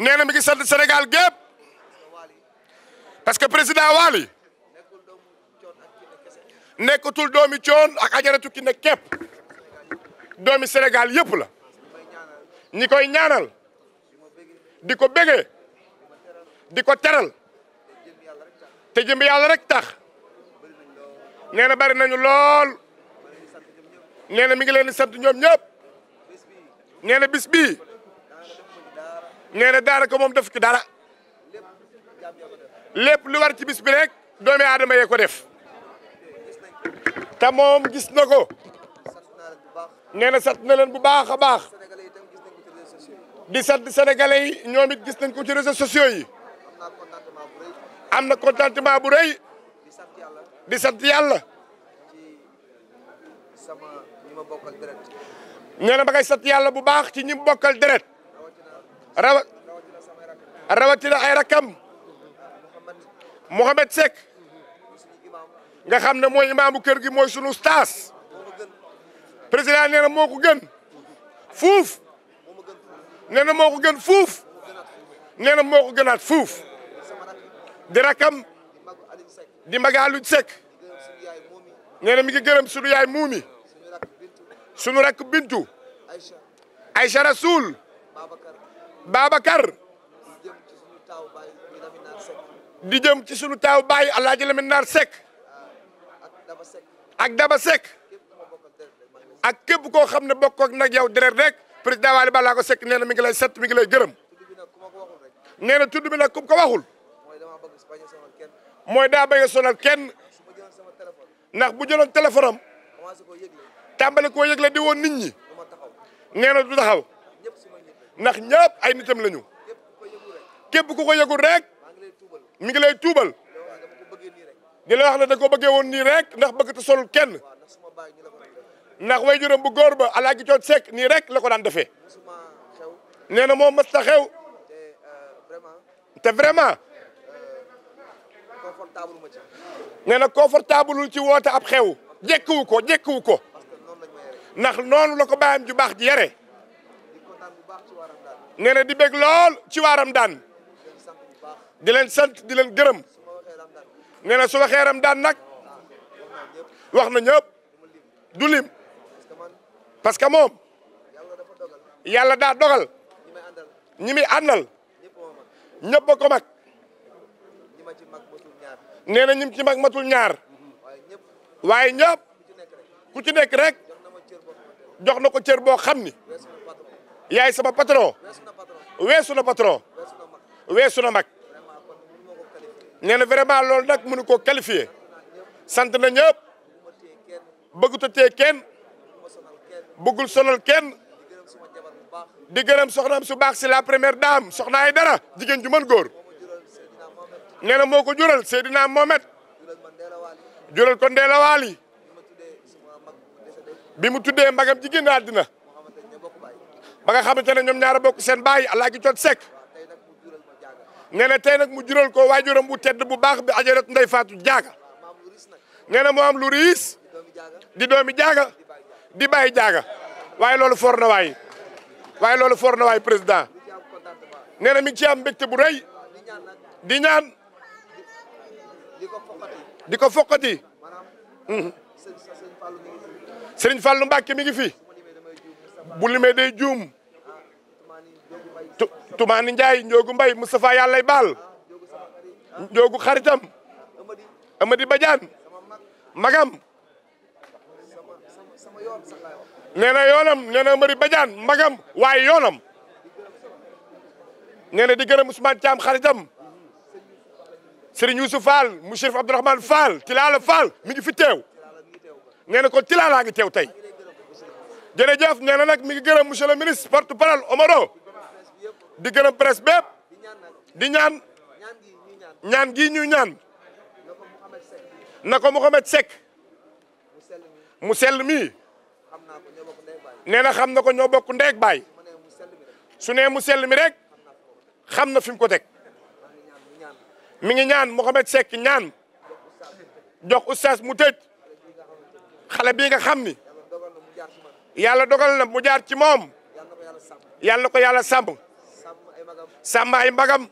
nee na mi ngi sant Sénégal gépp parce que président Wally nekkatul doomi coon ak ajaratu ki ne képp doomi Sénégal yëpp la ñi koy ñaanal di ko bégee di ko teral te jëmbi yàlla rek tax nee na bari nañu lool nee na mi ngi leen di sant ñoom ñëpp nee na nee na daanaka moom def ci dara lépp lu war ci bis bi rek doomi aadama yee ko def te moom gis na ko nee na na leen bu baax a baax di sant sénégalais yi ñoom gis nañ ko ci réseaux sociaux yi am na contentement bu rëy di sant yàlla nee na sat ngay yàlla bu baax ci ñi bokkal deret rawa rawatina ay rakkam Mouhamed Seck nga xam ne mooy imaamu kër gi mooy sunu staas président nee na moo ko gën fuuf nee na moo gën fuuf nee gënaat fuuf di rakkam di maga Aliou Seck mi ngi gërëm sunu yaay muumi sunu rakk bintu Aïcha Rasoul Babacar di jëm ci sunu taaw baay Alaaji Lamin Naar Seck ak Daba Seck ak képp koo xam ne bokk ak nag yow deret rek président Waly Ballago Seck nee na mi ngi lay set mi ngi lay gërëm nee na tudd bi nag ku ko waxul mooy daa bëgg a sonal kenn ndax bu jëloon téléphone am tàmbali koo yëgle di woon nit ñi nee na du taxaw. ndax ñëpp ay nitam lañu képp ku ko yëgul rek mi ngi lay tuubal di la wax ne da ko bëggee woon nii rek ndax bëgg te solul kenn ndax way juróom bu góor ba alaaji coot sekk nii rek la ko daan defee nee na moom mës ta xew te vraiment nee na confortable ci woote ab xew jekkiwu ko jekkiwu ko ndax noonu la ko bàyyam ju baax ji yare nee na di bég lool ci waa Ramadaan di leen sant di leen gërëm nee na su waxee Ramadaan nag wax na ñëpp du lim parce que moom yàlla daa dogal ñi muy àndal ñëpp a ko mag nee na ñim ci mag matul ñaar waaye ñëpp ku ci nekk rek jox na ko cër boo xam ni yaay sama patron weesu na patron weesu na mag nee na vraiment loolu nag mënu koo qualifier sant na ñëpp bëgguta a téye bëggul sonal kenn di gërëm soxnaam su baax si la première dame soxna ay dara jigéen ju mën góor nee moo ko jural Seydina Mohamed jural ko Ndeela Waali bi mu tuddee mbagam jigéen àddina ba nga xamante ne ñoom ñaar bokk seen baay allah gi jot sekk nee tey nag mu jural ko waajuram bu tedd bu baax bi ajarat nday faatu jaaga nee na moo am lu riis di doomi jaaga di bàyyi jaaga waaye loolu foor na waay waaye loolu for na waay président nee na mi ci am mbégte bu rëy di ñaan di ko foqati mhm. sëriñ Fallou Mbacke mi ngi fi bu limee day juum Toumani Ndiaye Ndiogu Mbaye Moustapha yàllay baal Ndiogu xaritam Amady Badiane magam nee na yoonam nee na Amady Badiane magam waaye yoonam nee di gërëm Ousmane Thiam xaritam Serigne Youssou Fall mu Chérif Abdourahmane Fall Tilala mi ngi fi teew nee na kon a ngi teew tey jërëjëf nee na nag mi ngi gërëm monsieur le ministre porte parole Omaro di gërëm presse bépp di ñaan ñaan gii ñu ñaan na ko Mouhamed mu sell mi nee na xam na ko ñoo bokk ndeeg baay su nee mu sell mi rek xam na fi mu ko teg mi ngi ñaan Mouhamed Seck ñaan jox oustaz mu tëj xale bii nga xam ni yàlla dogal na mu jaar ci moom yàlla na ko yàlla sàmm sàmm ay mbagam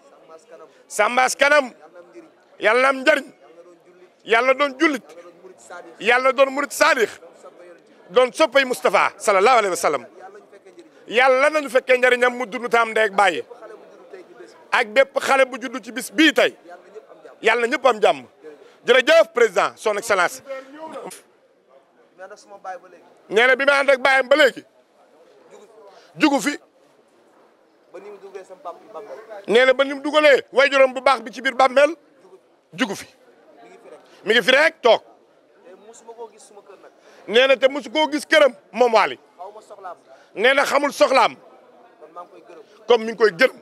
sàmm askanam yàlla na am njëriñ yàlla doon jullit yàlla doon murit saadix doon soppay Moustapha sallallahu alayhi wa sallam na ñu fekkee njëriñam mu dund taam ndeeg bàyyi ak bépp xale bu judd ci bis bii tey yàlla na ñëpp am jàmm jërëjëf président son excellence. nee na bi ma ànd ak ba léegi jugu fi nee ba ni mu dugalee waajuram bu baax bi ci biir bàmmeel jugu fi mi ngi fi rek toog nee na te mosu koo gis këram moom Waly nee na xamul soxlaam comme mi ngi koy gërëm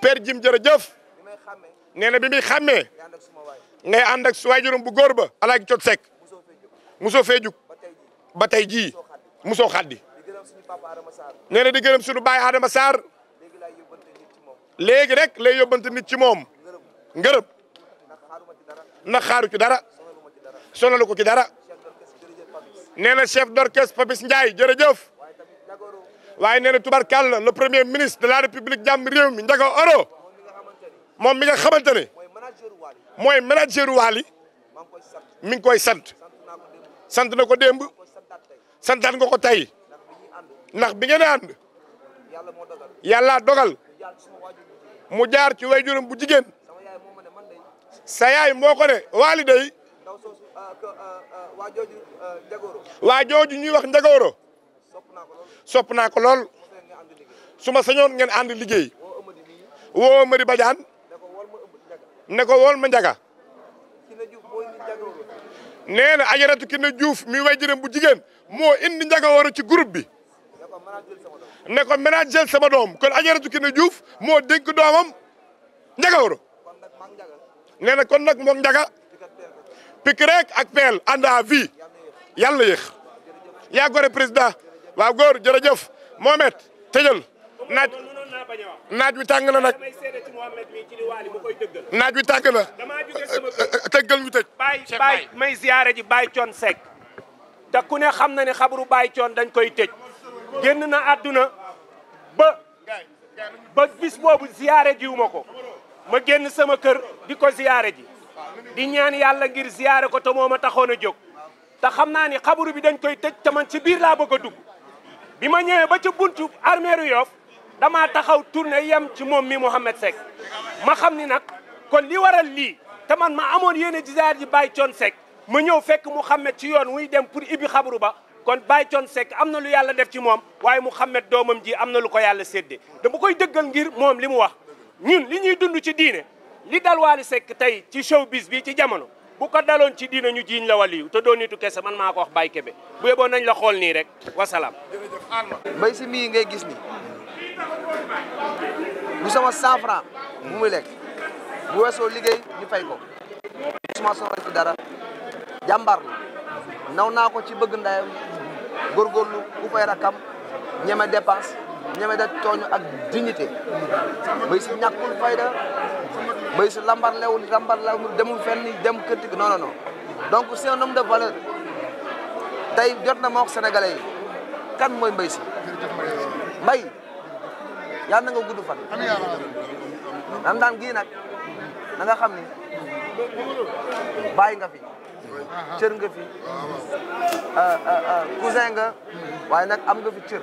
père Jim jërëjëf nee na bi muy xàmmee ngay ànd ak su waajuram bu góor ba alaaj cot sek mosoo fee jug ba tey jii mosoo xaddi nee na di gërëm suñu baay Adama Sarr léegi rek lay yóbbante nit ci moom ngërëm na xaaru ci dara sonalu ko ci dara nee na chef d'orchestre Papis Ndiaye jërëjëf waaye nee na tubarkàlla le premier ministre de la république jàmm réew mi njaga oro moom mi nga xamante ne mooy manager Wally mi ngi koy sant sant na ko démb santaat nga ko tey ndax bi ngeen ànd yàlla dogal mu jaar ci waajuram bu jigéen sa yaay moo ko ne waali day waa jooju ñuy wax njagooro sopp naa ko lool su ma sañoon ngeen ànd liggéey woo Mari Badiane ne wool ma njaga nee na ajaratu ki Juuf mi waajuram bu jigéen moo indi Ndiaga Waro ci groupe bi ne ko ménage sama doom kon Ajaratu Kiné Diouf moo dénk doomam Ndiaga Waro nee kon nag moom Ndiaga pik ak peel ànd à vie yàlla yéex yaa gore président waaw góor jërëjëf Mohamed tëjal naaj naaj wi tàng na naaj wi tàng na tëggal ñu tëj. bay bay may ziare sek te ku ne xam na ne xabru Baye Thione dañ koy tëj génn na àdduna ba ba bis boobu ziyaare jiwuma ko ma génn sama kër di ko ziyaare ji di ñaan yàlla ngir ziyaare ko te moo ma taxoon a jóg te xam naa ni xabru bi dañ koy tëj te man ci biir laa bëgg a dugg bi ma ñëwee ba ca buntu armeeru Yoff damaa taxaw tourné yam ci moom mi Mouhamed Seck ma xam ni nag kon li waral lii te man ma amoon yéene ziyaare ji Baye Thione Seck ma ñëw fekk Mouhamed ci yoon wuy dem pour ibbi xabru ba kon Baye Thione Seck am na lu yàlla def ci moom waaye Mouhamed doomam ji am na lu ko yàlla séddee dama koy dëggal ngir moom li mu wax ñun li ñuy dund ci diine li dal Wally Seck tey ci showbiz bi ci jamono bu ko daloon ci diine ñu jiiñ la waliyu te doo nitu kese man maa ko wax Baye Kébé bu yeboo nañ la xool nii rek wasalaam. mbay si mii ngay gis ni bu sama 100 francs bu muy lekk bu weesoo liggéey dara. jàmbaar la naw naa ko ci bëgg ndayam góorgóorlu ku fay rakam ñeme dépense ñeme da tooñ ak dignité bay si ñàkkul fayda bay lambar lewul lambar lewul demul fenn dem kërti non non non donc c'est un homme valeur tey jot na ma wax sénégalais yi kan mooy mbay si mbay yàlla na nga gudd fan daan gii nag na xam ni bàyyi nga fi cër nga fi ah, ah, ah, cousin nga waaye nag am nga fi cër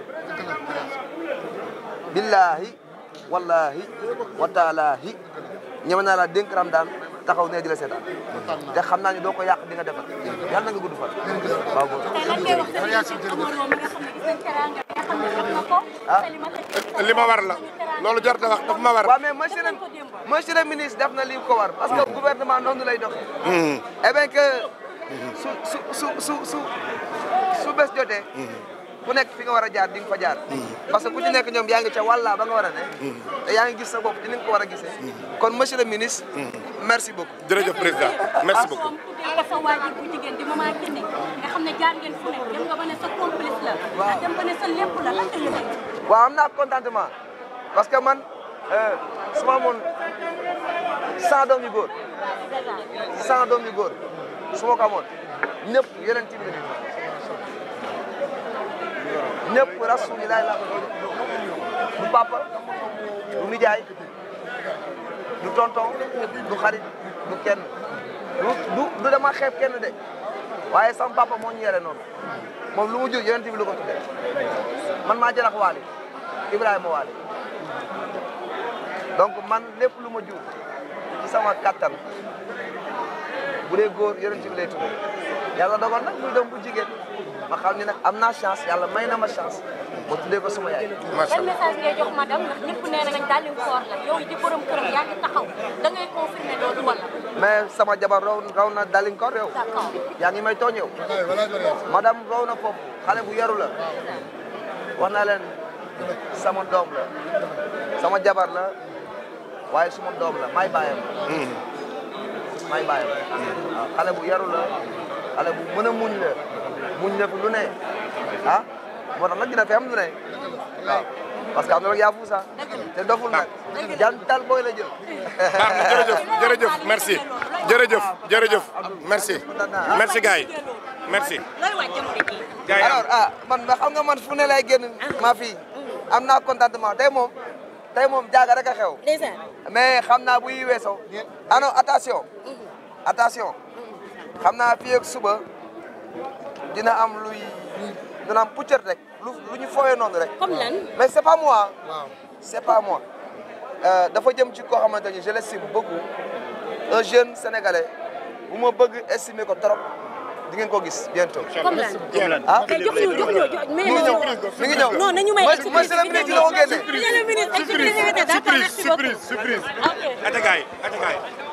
billahi wallahi wa taalahi ñeme naa laa dénk Ramadaan taxaw ne di la seetaan te xam naa ne doo ko yàq di nga defar yàlla na gudd fan waaw la loolu jot na wax daf ma war waaw mais monsieur monsieur le ministre def na li ko war parce que hmm. gouvernement noonu lay doxee hmm. eh bien que su su su su su su bés jotee. ku nekk fi nga war a jaar di nga fa jaar. parce que ku ci nekk ñoom yaa ngi ca wàllaa ba nga war a ne. yaa ngi gis sa bopp di nga ko war a gisee. kon monsieur le ministre. merci beaucoup. jërëjëf président merci beaucoup. nga sa waajur bu jigéen di maman Kine nga waaw naa contentement parce que man euh, su ma amoon cent doom yu góor. cent doom yu góor. su ma ko amoon ñëpp yeneen ci biir ñëpp rasulilah la du papa du nijaay du tonton du xarit du kenn du du dama xeeb kenn de waaye sam papa moo ñu yore moom lu mu jur yeneen bi lu man maa jëlaat waali Ibrahima waali donc man lépp lu ma jur ci sama kattan bu dee góor yonent bi lay tudd yàlla dogal nag muy doom bu jigéen ma xam ne nag am naa chance yàlla may na ma chance ma tuddee ko sama yaay. macha allah message sama jabar raw raw na dalin koor yow. d'accord yaa may tooñ yow. madame raw na foofu xale bu yaru la. wax na leen sama doom la sama jabar la waaye suma doom la may bàyyam. Hmm. may ah, bu yaru la xale bu mën muñ la muñ la fi lu ne ah moo tax nag dina fi lu ne waaw parce que am na rek yaa fuusa te doful nag jantal booy la jël baax na jërëjëf jërëjëf merci jërëjëf jërëjëf merci merci gars yi merci alors ah man xam nga man fu ne la génn ma fii am naa contentement tey moom tey moom jaaga rek a xew. mais xam naa buy yi weesoo. ah non attention. Mm-hmm. attention. Mm-hmm. xam naa fii suba dina am luy dina am puccat rek lu lu ñu fooyee noonu rek. comme lan mais c' est pas moi. waaw c' est pas moi. Euh, dafa jëm ci koo xamante ni je l'estime beaucoup un jeune sénégalais bu ma bëgg estimer ko trop. di ngeen ko gis bientôt. comme ah. jox ñu jox ñu mais mi may. surprise bi dina ko surprise surprise surprise surprise surprise surprise